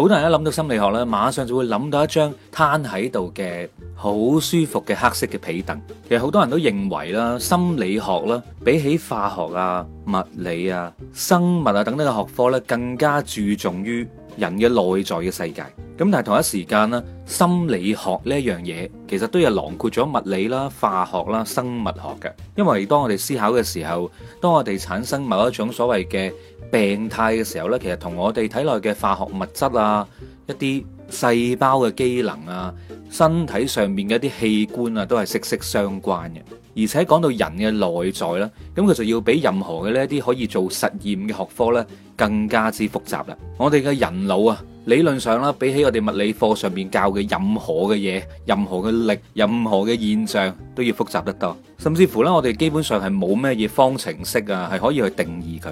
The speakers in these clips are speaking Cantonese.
好多人一諗到心理學咧，馬上就會諗到一張攤喺度嘅好舒服嘅黑色嘅皮凳。其實好多人都認為啦，心理學啦，比起化學啊、物理啊、生物啊等等嘅學科咧，更加注重於人嘅內在嘅世界。咁但係同一時間咧，心理學呢一樣嘢，其實都係囊括咗物理啦、化學啦、生物學嘅。因為當我哋思考嘅時候，當我哋產生某一種所謂嘅。病態嘅時候呢，其實同我哋體內嘅化學物質啊，一啲細胞嘅機能啊，身體上面嘅一啲器官啊，都係息息相關嘅。而且講到人嘅內在啦，咁佢就要俾任何嘅呢一啲可以做實驗嘅學科呢。更加之複雜啦！我哋嘅人腦啊，理論上啦，比起我哋物理課上面教嘅任何嘅嘢、任何嘅力、任何嘅現象，都要複雜得多。甚至乎咧，我哋基本上係冇咩嘢方程式啊，係可以去定義佢。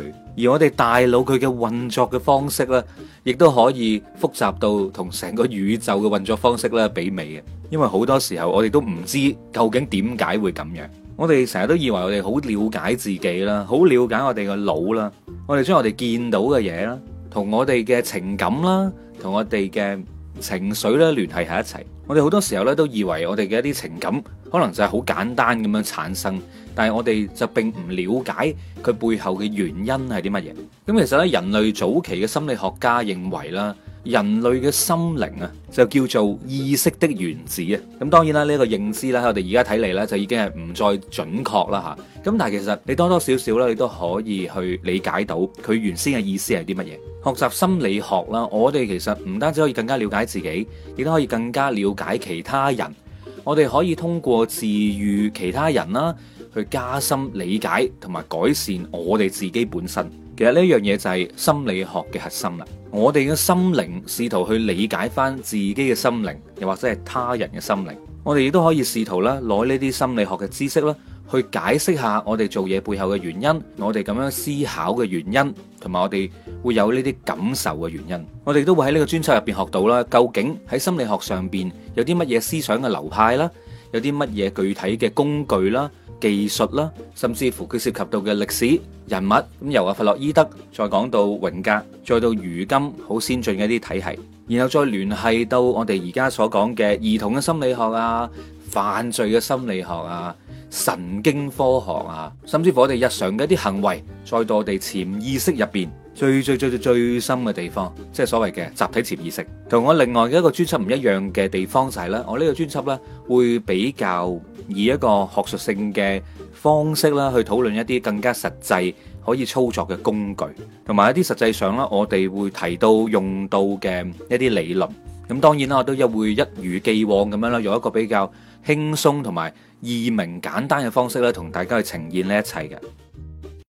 而我哋大腦佢嘅運作嘅方式咧，亦都可以複雜到同成個宇宙嘅運作方式咧比美嘅。因為好多時候我哋都唔知究竟點解會咁樣。我哋成日都以為我哋好了解自己啦，好了解我哋嘅腦啦。我哋將我哋見到嘅嘢啦，同我哋嘅情感啦，同我哋嘅情緒咧聯繫喺一齊。我哋好多時候咧都以為我哋嘅一啲情感可能就係好簡單咁樣產生，但係我哋就並唔了解佢背後嘅原因係啲乜嘢。咁其實咧，人類早期嘅心理學家認為啦。人類嘅心靈啊，就叫做意識的原子啊！咁當然啦，呢一個認知啦，我哋而家睇嚟呢，就已經係唔再準確啦嚇。咁但係其實你多多少少呢，你都可以去理解到佢原先嘅意思係啲乜嘢。學習心理學啦，我哋其實唔單止可以更加了解自己，亦都可以更加了解其他人。我哋可以通過治愈其他人啦，去加深理解同埋改善我哋自己本身。其實呢樣嘢就係心理學嘅核心啦。我哋嘅心靈試圖去理解翻自己嘅心靈，又或者係他人嘅心靈。我哋亦都可以試圖啦，攞呢啲心理學嘅知識啦，去解釋下我哋做嘢背後嘅原因，我哋咁樣思考嘅原因，同埋我哋會有呢啲感受嘅原因。我哋都會喺呢個專輯入邊學到啦，究竟喺心理學上邊有啲乜嘢思想嘅流派啦，有啲乜嘢具體嘅工具啦。技術啦，甚至乎佢涉及到嘅歷史人物，咁由阿弗洛伊德，再講到榮格，再到如今好先進嘅一啲體系，然後再聯繫到我哋而家所講嘅兒童嘅心理學啊、犯罪嘅心理學啊、神經科學啊，甚至乎我哋日常嘅一啲行為，再到我哋潛意識入面最最最最最深嘅地方，即係所謂嘅集體潛意識。同我另外嘅一個專輯唔一樣嘅地方就係咧，我呢個專輯呢會比較。以一個學術性嘅方式啦，去討論一啲更加實際可以操作嘅工具，同埋一啲實際上我哋會提到用到嘅一啲理論。咁當然啦，我都會一如既往咁樣啦，用一個比較輕鬆同埋易明簡單嘅方式咧，同大家去呈現呢一切嘅。